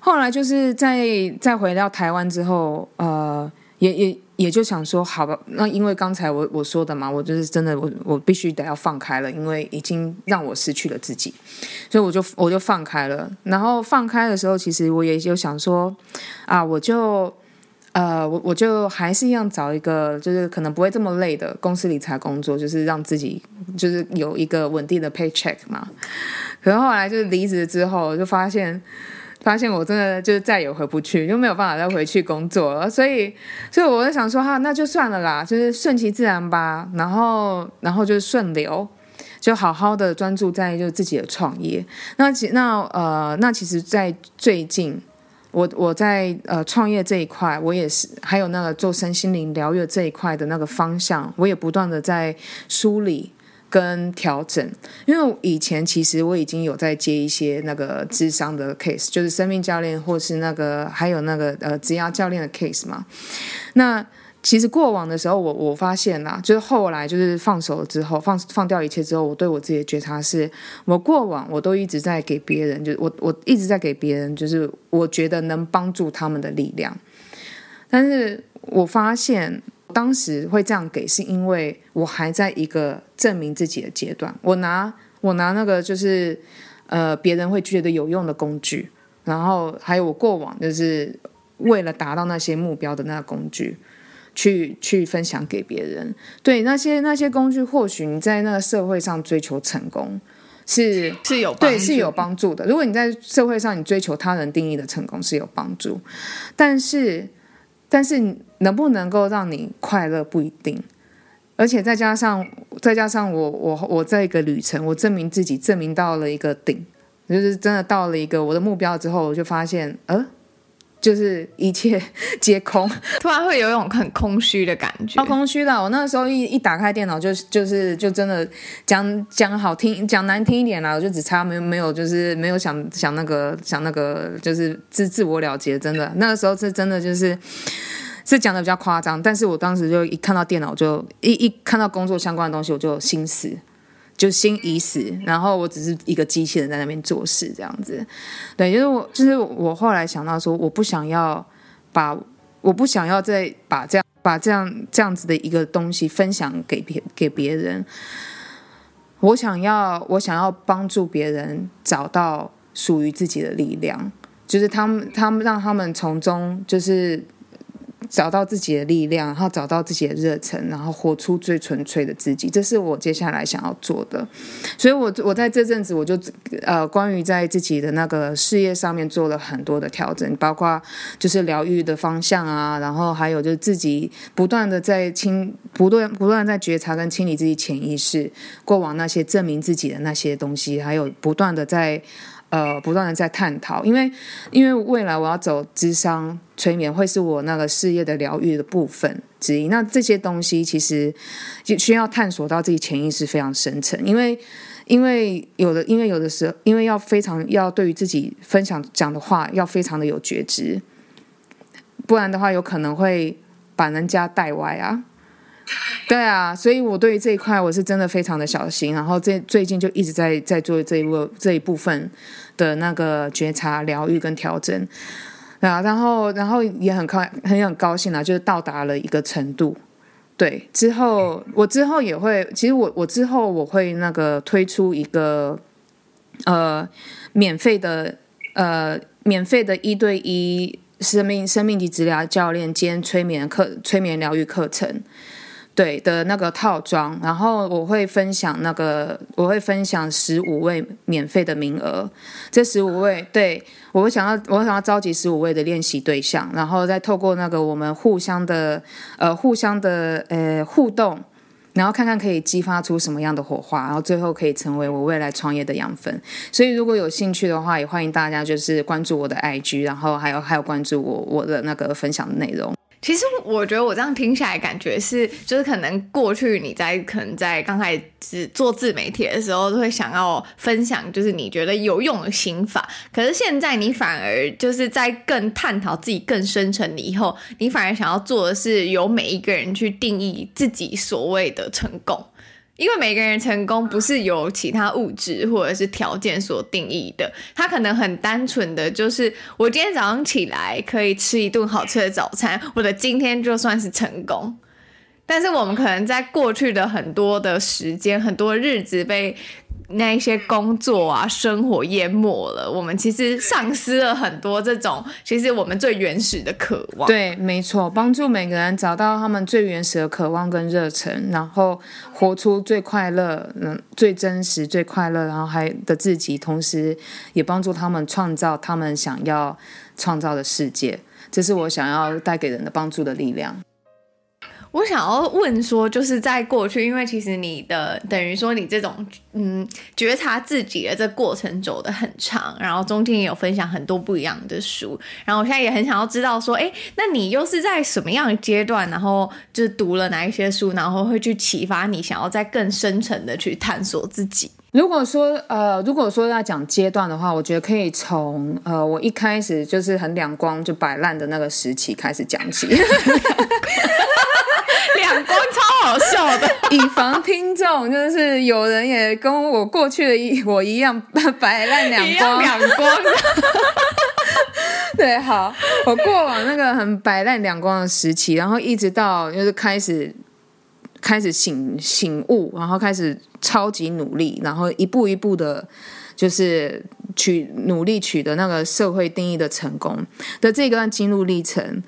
後來就是在在回到台灣之後，呃，也也也就想說，好吧，那因為剛才我我說的嘛，我就是真的，我我必須得要放開了，因為已經讓我失去了自己，所以我就我就放開了。然後放開的時候，其實我也就想說，啊，我就。呃，我我就還是一樣找一個，就是可能不會這麼累的公司理財工作，就是讓自己就是有一個穩定的 paycheck 嘛。可是後來就是離職之後，就發現發現我真的就是再也回不去，就沒有辦法再回去工作了。所以，所以我就想說哈，啊，那就算了啦，就是順其自然吧。然後，然後就是順流，就好好的專注在就自己的創業。那其那呃，那其實，在最近，我我在呃創業這一塊，我也是還有那個做身心靈療癒這一塊的那個方向，我也不斷的在梳理跟調整。因為以前其實我已經有在接一些那個諮商的 case，就是生命教練或是那個還有那個呃職業教練的 case 嘛，那。其實過往的時候我，我我發現啦，就是後來就是放手了之後，放放掉一切之後，我對我自己的覺察是，我過往我都一直在給別人，就是我我一直在給別人，就是我覺得能幫助他們的力量。但是我發現當時會這樣給，是因為我還在一個證明自己的階段。我拿我拿那個就是呃別人會覺得有用的工具，然後還有我過往就是為了達到那些目標的那個工具。去去分享給別人，對，那些那些工具，或許你在那個社會上追求成功是是有對，是有幫助的。如果你在社會上你追求他人定義的成功是有幫助，但是但是能不能夠讓你快樂不一定。而且再加上再加上我我我在一個旅程，我證明自己證明到了一個頂，就是真的到了一個我的目標之後，我就發現呃。就是一切皆空，突然會有一種很空虛的感覺，哦、空虛的。我那個時候一一打開電腦就，就就是就真的講講好聽，講難聽一點啦、啊，我就只差沒沒有，沒有就是沒有想想那個想那個，就是自自我了結。真的那個時候是真的就是是講的比較誇張，但是我當時就一看到電腦就，就一一看到工作相關的東西，我就心死。就心已死，然後我只是一個機器人在那邊做事這樣子。對，就是我，就是我後來想到說，我不想要把，我不想要再把這樣，把這樣，這樣子的一個東西分享給別給別人。我想要，我想要幫助別人找到屬於自己的力量，就是他們，他們讓他們從中就是。找到自己的力量，然後找到自己的熱忱，然後活出最純粹的自己，這是我接下來想要做的。所以，我我在這陣子，我就呃，關於在自己的那個事業上面做了很多的調整，包括就是療癒的方向啊，然後還有就是自己不斷的在清，不斷不斷在覺察跟清理自己潛意識過往那些證明自己的那些東西，還有不斷的在。呃，不斷的在探討，因為因為未來我要走諮商催眠，會是我那個事業的療癒的部分之一。那這些東西其實就需要探索到自己潛意識非常深層，因為因為有的，因為有的時候，因為要非常要對於自己分享講的話，要非常的有覺知，不然的話，有可能會把人家帶歪啊。 (laughs) 對啊，所以我對於這一塊，我是真的非常的小心。然後這最近就一直在在做這一部這一部分的那個覺察、療癒跟調整。啊，然後然後也很快，很很高興啊，就是到達了一個程度。對，之後我之後也會，其實我我之後我會那個推出一個呃免費的呃免費的一對一生命生命及治療教練兼催眠課催眠療癒課程。對的那個套裝，然後我會分享那個，我會分享十五位免費的名額。這十五位，對我會想要，我會想要召集十五位的練習對象，然後再透過那個我們互相的，呃，互相的，呃，互動，然後看看可以激發出什麼樣的火花，然後最後可以成為我未來創業的養分。所以如果有興趣的話，也歡迎大家就是關注我的 IG，然後還有還有關注我我的那個分享的內容。其實我覺得我這樣聽起來的感覺是，就是可能過去你在可能在剛開始做自媒體的時候，都會想要分享就是你覺得有用的心法，可是現在你反而就是在更探討自己更深層的以後，你反而想要做的是由每一個人去定義自己所謂的成功。因為每個人成功不是由其他物質或者是條件所定義的，他可能很單純的就是我今天早上起來可以吃一頓好吃的早餐，我的今天就算是成功。但是我們可能在過去的很多的時間，很多日子被那一些工作啊，生活淹沒了，我們其實喪失了很多這種，其實我們最原始的渴望。對，沒錯，幫助每個人找到他們最原始的渴望跟熱忱，然後活出最快樂，嗯，最真實、最快樂，然後還的自己，同時也幫助他們創造他們想要創造的世界，這是我想要帶給人的幫助的力量。我想要問說，就是在過去，因為其實你的等於說你這種嗯覺察自己的這過程走得很長，然後中間也有分享很多不一樣的書，然後我現在也很想要知道說，哎、欸，那你又是在什麼樣的階段，然後就是讀了哪一些書，然後會去啟發你想要再更深層的去探索自己？如果說呃，如果說要講階段的話，我覺得可以從呃我一開始就是很兩光就擺爛的那個時期開始講起。 (laughs) 搞笑的， (laughs) 以防聽眾就是有人也跟我過去的一我一樣擺爛兩光兩光，對，好，我過往那個很擺爛兩光的時期，然後一直到就是開始開始醒醒悟，然後開始超級努力，然後一步一步的，就是去努力取得那個社會定義的成功的這段經歷歷程，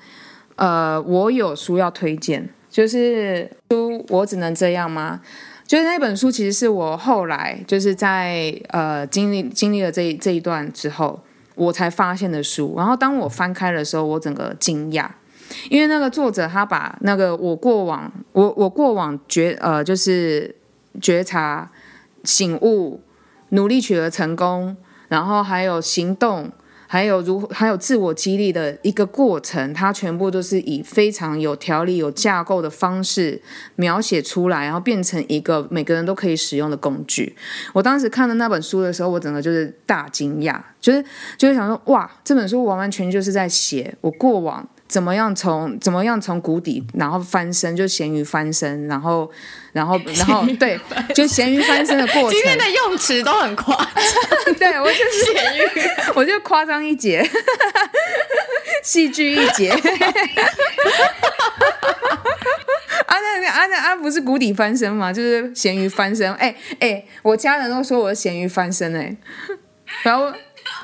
呃，我有書要推薦，就是。書我只能這樣嗎？就是那本書，其實是我後來就是在呃經歷經歷了這這一段之後，我才發現的書。然後當我翻開的時候，我整個驚訝，因為那個作者他把那個我過往我我過往覺呃就是覺察、醒悟、努力取得成功，然後還有行動。還有如還有自我激勵的一個過程，它全部都是以非常有條理、有架構的方式描寫出來，然後變成一個每個人都可以使用的工具。我當時看了那本書的時候，我整個就是大驚訝，就是就是想說，哇，這本書完完全全就是在寫我過往。怎麼樣從怎麼樣從谷底然後翻身，就鹹魚翻身，然後然後然後對，就鹹魚翻身的過程。今天的用詞都很誇張， (laughs) (laughs) (laughs) 對我、就是鹹魚，我就誇張一截，戲 (laughs) 劇一截。啊那啊那啊不是谷底翻身嘛，就是鹹魚翻身。哎、欸、哎、欸，我家人都說我是鹹魚翻身哎、欸，然後。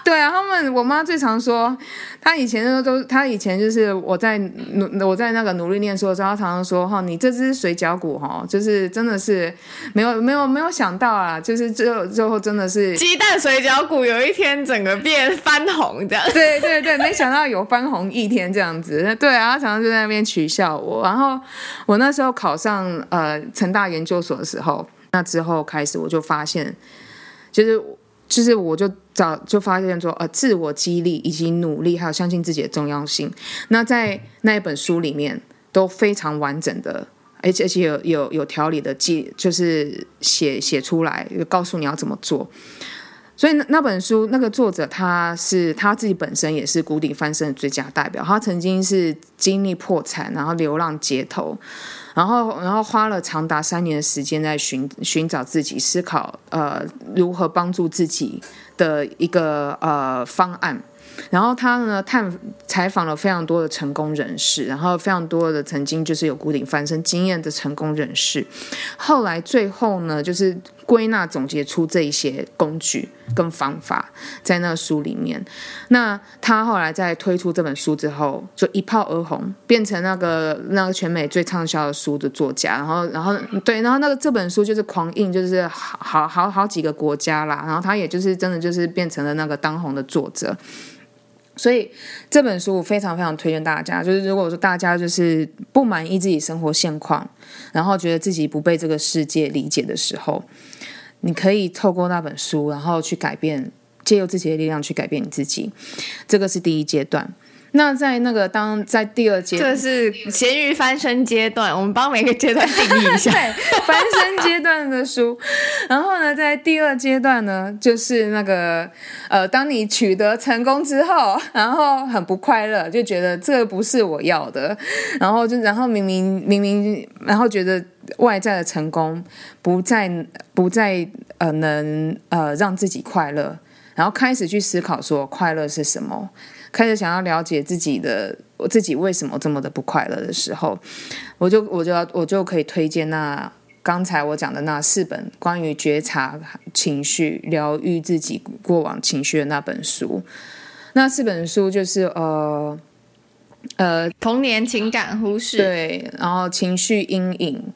對啊，他們我媽最常說，她以前都都，她以前就是我在努我在那個努力念書的時候，她常常說哈、哦，你這隻水餃骨哈、哦，就是真的是沒有沒有沒有想到啊，就是最後最後真的是雞蛋水餃骨有一天整個變翻紅的。對對對，沒想到有翻紅一天這樣子。對啊，她常常就在那邊取笑我。然後我那時候考上呃成大研究所的時候，那之後開始我就發現，就是。就是我就早就發現說，呃，自我激勵以及努力，還有相信自己的重要性，那在那一本書裡面都非常完整的，而且是有有有條理的記，就是寫寫出來，告訴你要怎麼做。所以那那本書那個作者他，是他自己本身也是谷底翻身的最佳代表，他曾經是經歷破產，然後流浪街頭，然後然後花了長達三年的時間在尋尋找自己思考，呃如何幫助自己的一個呃方案，然後他呢，探採訪了非常多的成功人士，然後非常多的曾經就是有谷底翻身經驗的成功人士，後來最後呢就是。歸納總結出這一些工具跟方法，在那個書裡面。那他後來在推出這本書之後，就一炮而紅，變成那個那個全美最暢銷的書的作家。然後，然後對，然後那個這本書就是狂印，就是好好好，好幾個國家啦。然後他也就是真的就是變成了那個當紅的作者。所以這本書我非常非常推薦大家。就是如果說大家就是不滿意自己生活現況，然後覺得自己不被這個世界理解的時候，你可以透過那本書，然後去改變，借由自己的力量去改變你自己，這個是第一階段。那在那個當在第二階段，這、就是鹹魚翻身階段。我們把每個階段定義一下。 (laughs) 對，翻身階段的書。 (laughs) 然後呢，在第二階段呢，就是那個呃，當你取得成功之後，然後很不快樂，就覺得這不是我要的。然後就，然後明明明明，然後覺得外在的成功不再不再呃能呃讓自己快樂，然後開始去思考說快樂是什麼。開始想要了解自己的我自己為什麼這麼的不快樂的時候，我就我就要我就可以推薦，那剛才我講的那四本關於覺察情緒、療癒自己過往情緒的那本書。那四本書就是呃呃童年情感忽視，對，然後情緒陰影，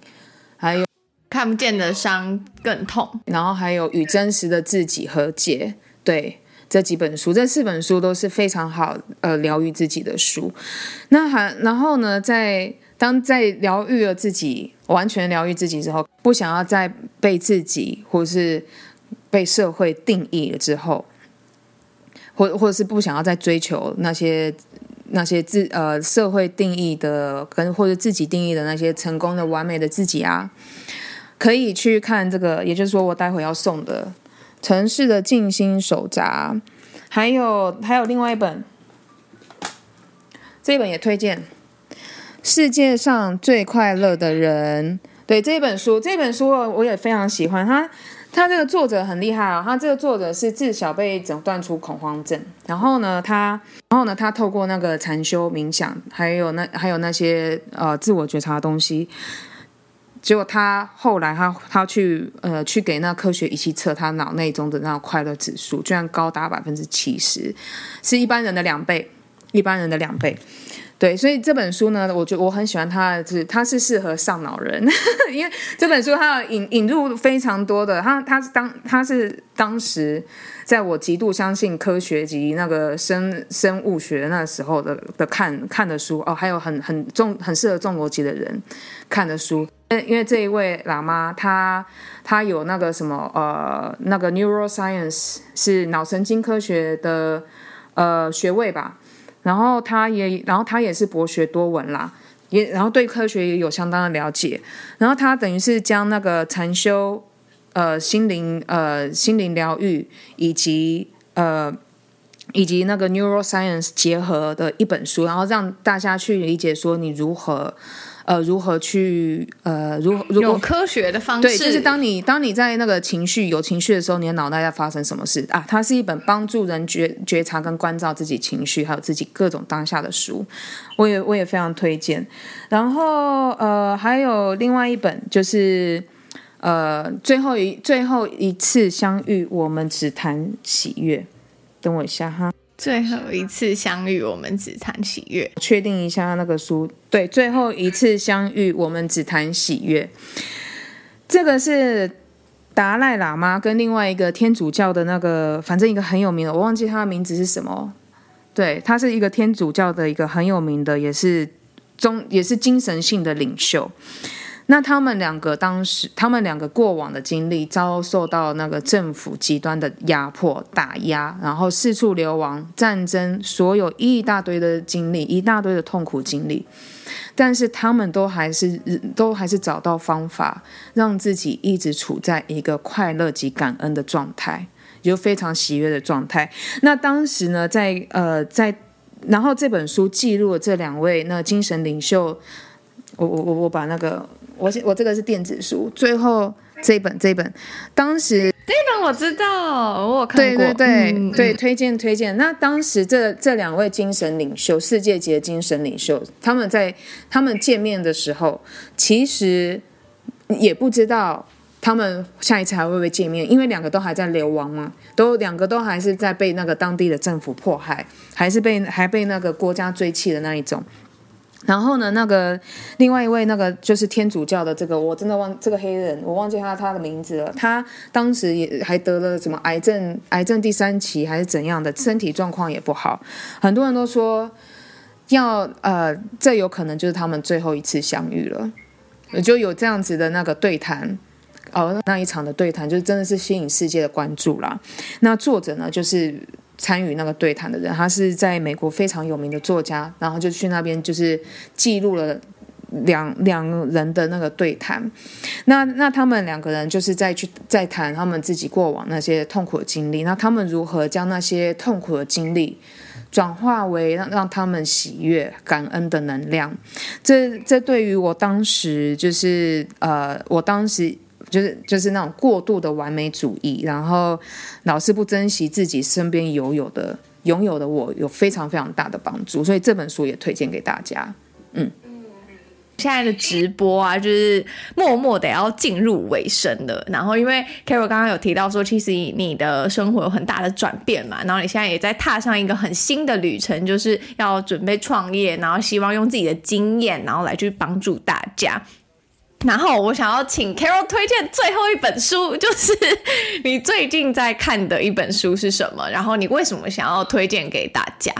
還有看不見的傷更痛，然後還有與真實的自己和解，對。這幾本書，這四本書都是非常好，呃，療癒自己的書。那還，然後呢，在當在療癒了自己，完全療癒自己之後，不想要再被自己，或是被社會定義了之後，或者或者是不想要再追求那些那些自呃社會定義的跟或者自己定義的那些成功的完美的自己啊，可以去看這個，也就是說，我待會要送的。城市的靜心手札，還有還有另外一本，這一本也推薦。世界上最快樂的人，對，這本書，這本書我也非常喜歡。他他這個作者很厲害啊、哦，他這個作者是自小被診斷出恐慌症，然後呢，他然後呢，他透過那個禪修、冥想，還有那還有那些呃自我覺察的東西。結果他後來他，他他去呃去給那科學儀器測他腦內中的那快樂指數，居然高達百分之七十，是一般人的兩倍，一般人的兩倍。對，所以這本書呢，我覺得我很喜歡它的，就是它是適合上腦人， (laughs) 因為這本書它有引引入非常多的，它它是當它是當時在我極度相信科學及那個生生物學那時候的的看看的書哦，還有很很重很適合重邏輯的人看的書，因為因為這一位喇嘛他他有那個什麼呃那個 neuroscience 是腦神經科學的呃學位吧。然後他也，然後他也是博學多聞啦，也然後對科學也有相當的了解。然後他等於是將那個禪修、呃心靈、呃心靈療癒以及呃以及那個 neuroscience 結合的一本書，然後讓大家去理解說你如何。呃，如何去？呃，如何如有科學的方式，對，就是當你當你在那個情緒有情緒的時候，你的腦袋在發生什麼事啊？它是一本幫助人覺覺察跟觀照自己情緒還有自己各種當下的書，我也我也非常推薦。然後呃，還有另外一本就是呃，最後一最後一次相遇，我們只談喜悅。等我一下哈。最後一次相遇，我們只談喜悅。確定一下那個書，對，最後一次相遇，我們只談喜悅。這個是達賴喇嘛跟另外一個天主教的那個，反正一個很有名的，我忘記他的名字是什麼。對，他是一個天主教的一個很有名的，也是中也是精神性的領袖。那他們兩個當時，他們兩個過往的經歷遭受到那個政府極端的壓迫打壓，然後四處流亡、戰爭，所有一大堆的經歷，一大堆的痛苦經歷。但是他們都還是都還是找到方法，讓自己一直處在一個快樂及感恩的狀態，就非常喜悅的狀態。那當時呢，在呃，在然後這本書記錄了這兩位那精神領袖。我我我我把那個我我這個是電子書，最後這一本這一本，當時這本我知道，我看過。對對對對，推薦推薦。那當時這這兩位精神領袖，世界級的精神領袖，他們在他們見面的時候，其實也不知道他們下一次還會不會見面，因為兩個都還在流亡嘛、啊，都兩個都還是在被那個當地的政府迫害，還是被還被那個國家追緝的那一種。然後呢，那個另外一位那個就是天主教的這個，我真的忘這個黑人，我忘記他他的名字了。他當時也還得了什麼癌症，癌症第三期還是怎樣的，身體狀況也不好。很多人都說要，要呃，這有可能就是他們最後一次相遇了，就有這樣子的那個對談，哦，那一場的對談，就是真的是吸引世界的關注啦。那作者呢，就是。參與那個對談的人，他是在美國非常有名的作家，然後就去那邊就是記錄了兩兩人的那個對談。那那他們兩個人就是在去在談他們自己過往那些痛苦的經歷，那他們如何將那些痛苦的經歷轉化為讓，讓他們喜悅感恩的能量。這這對於我當時就是呃，我當時。就是就是那種過度的完美主義，然後老是不珍惜自己身邊擁有的，擁有的，我有非常非常大的幫助，所以這本書也推薦給大家。嗯，現在的直播啊，就是默默的要進入尾聲了。然後因為 Caro 剛剛有提到說，其實你的生活有很大的轉變嘛，然後你現在也在踏上一個很新的旅程，就是要準備創業，然後希望用自己的經驗，然後來去幫助大家。然後我想要請 Caro 推薦最後一本書，就是你最近在看的一本書是什麼？然後你為什麼想要推薦給大家？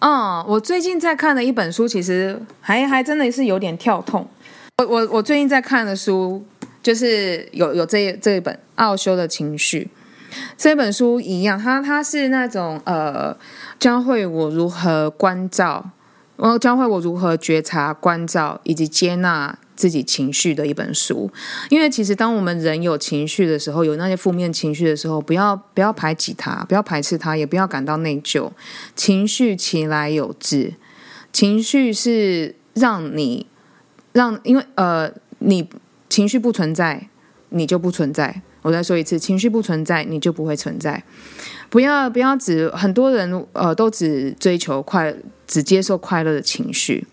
嗯，我最近在看的一本書其實還還真的是有點跳痛。我我我最近在看的書就是有有這這一本《奧修的情緒》這本書一樣，它它是那種呃，教會我如何觀照，我教會我如何覺察、觀照以及接納。自己情緒的一本書，因為其實當我們人有情緒的時候，有那些負面情緒的時候，不要不要排擠他，不要排斥他，也不要感到內疚。情緒其來有自，情緒是讓你讓，因為呃，你情緒不存在，你就不存在。我再說一次，情緒不存在，你就不會存在。不要不要只很多人呃，都只追求快，只接受快樂的情緒。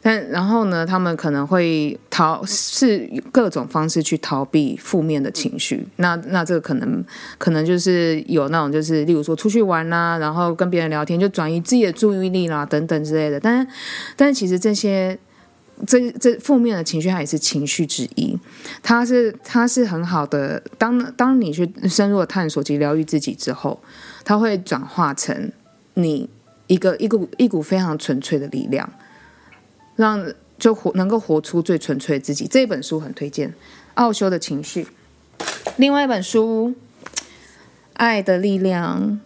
但然後呢，他們可能會逃，是各種方式去逃避負面的情緒。那那這個可能可能就是有那種，就是例如說出去玩啦、啊，然後跟別人聊天，就轉移自己的注意力啦、啊，等等之類的。但但是其實這些這這負面的情緒，它也是情緒之一。它是它是很好的。當當你去深入的探索及療癒自己之後，它會轉化成你一個一股一股非常純粹的力量。讓就活能夠活出最純粹的自己，這本書很推薦《奧修的情緒》。另外一本書《愛的力量》，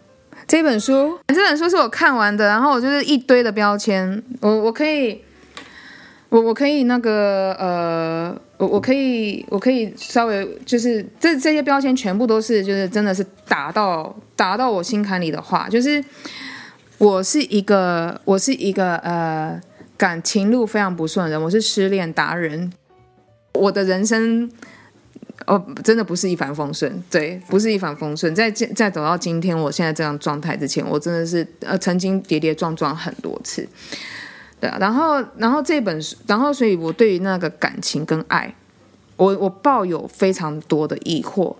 這本書這本書是我看完的，然後我就是一堆的標籤，我我可以，我我可以那個呃，我我可以，我可以稍微就是這這些標籤全部都是就是真的是打到打到我心坎裡的話，就是我是一個我是一個呃。感情路非常不順的人，我是失戀達人。我的人生，哦，真的不是一帆風順。對，不是一帆風順。在在走到今天，我現在這樣狀態之前，我真的是呃，曾經跌跌撞撞很多次。對啊，然後，然後這本書，然後，所以我對於那個感情跟愛，我我抱有非常多的疑惑。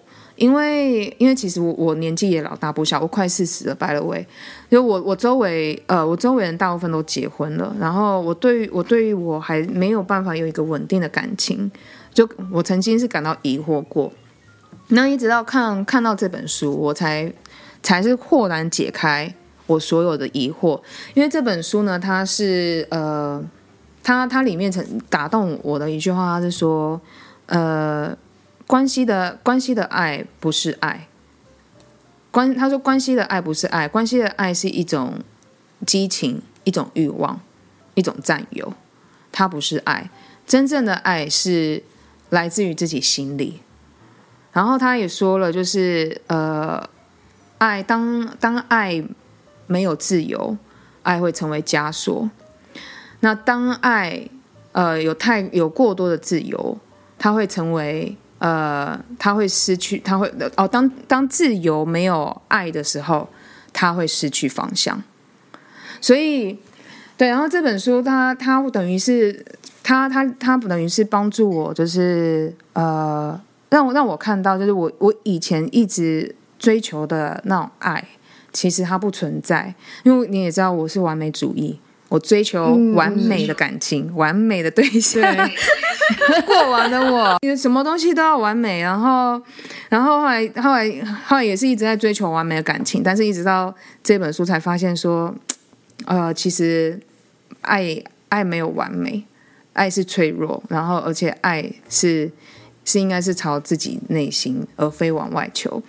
因為，因為其實我我年紀也老大不小，我快四十了。By the way，因為我我周圍呃，我周圍人大部分都結婚了，然後我對於我對於我還沒有辦法有一個穩定的感情，就我曾經是感到疑惑過。那一直到看看到這本書，我才才是豁然解開我所有的疑惑。因為這本書呢，它是呃，它它裡面曾打動我的一句話，它是說呃。關係的，關係的愛不是愛。關他說，關係的愛不是愛，關係的愛是一種激情，一種慾望，一種占有，它不是愛。真正的愛是來自於自己心裡。然後他也說了，就是呃，愛當當愛沒有自由，愛會成為枷鎖。那當愛呃有太有過多的自由，它會成為。呃，他會失去，他會哦，當當自由沒有愛的時候，他會失去方向。所以，對，然後這本書它，它它等於是，它它它等於是幫助我，就是呃，讓我讓我看到，就是我我以前一直追求的那種愛，其實它不存在。因為你也知道，我是完美主義。我追求完美的感情，嗯、完美的對象。過往的我，什麼東西都要完美，然後，然後後來後來後來也是一直在追求完美的感情，但是一直到這本書才發現說，呃，其實愛愛沒有完美，愛是脆弱，然後而且愛是是應該是朝自己內心而非往外求。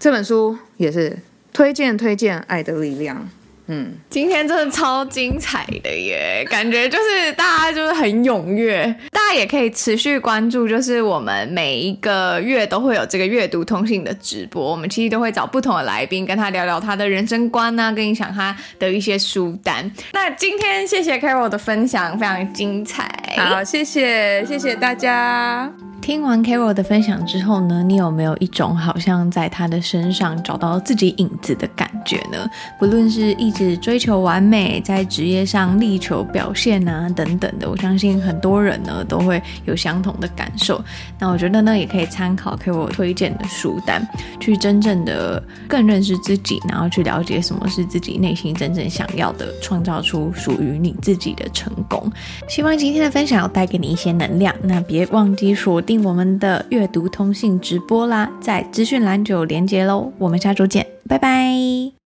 這本書也是推薦推薦，推薦《愛的力量》。嗯，今天真的超精彩的耶，感覺就是大家就是很踴躍，大家也可以持續關注，就是我們每一個月都會有這個閱讀通信的直播，我們其實都會找不同的來賓跟他聊聊他的人生觀啊跟影響他的一些書單。那今天謝謝 Caro 的分享，非常精彩。好，謝謝謝謝大家。聽完 Caro 的分享之後呢，你有沒有一種好像在他的身上找到自己影子的感覺呢？不論是一。是追求完美，在職業上力求表現啊，等等的。我相信很多人呢都會有相同的感受。那我覺得呢，也可以參考，給我推薦的書單，去真正的更認識自己，然後去了解什麼是自己內心真正想要的，創造出屬於你自己的成功。希望今天的分享帶給你一些能量。那別忘記鎖定我們的閱讀通信直播啦，在資訊欄就有連結嘍。我們下周見，拜拜。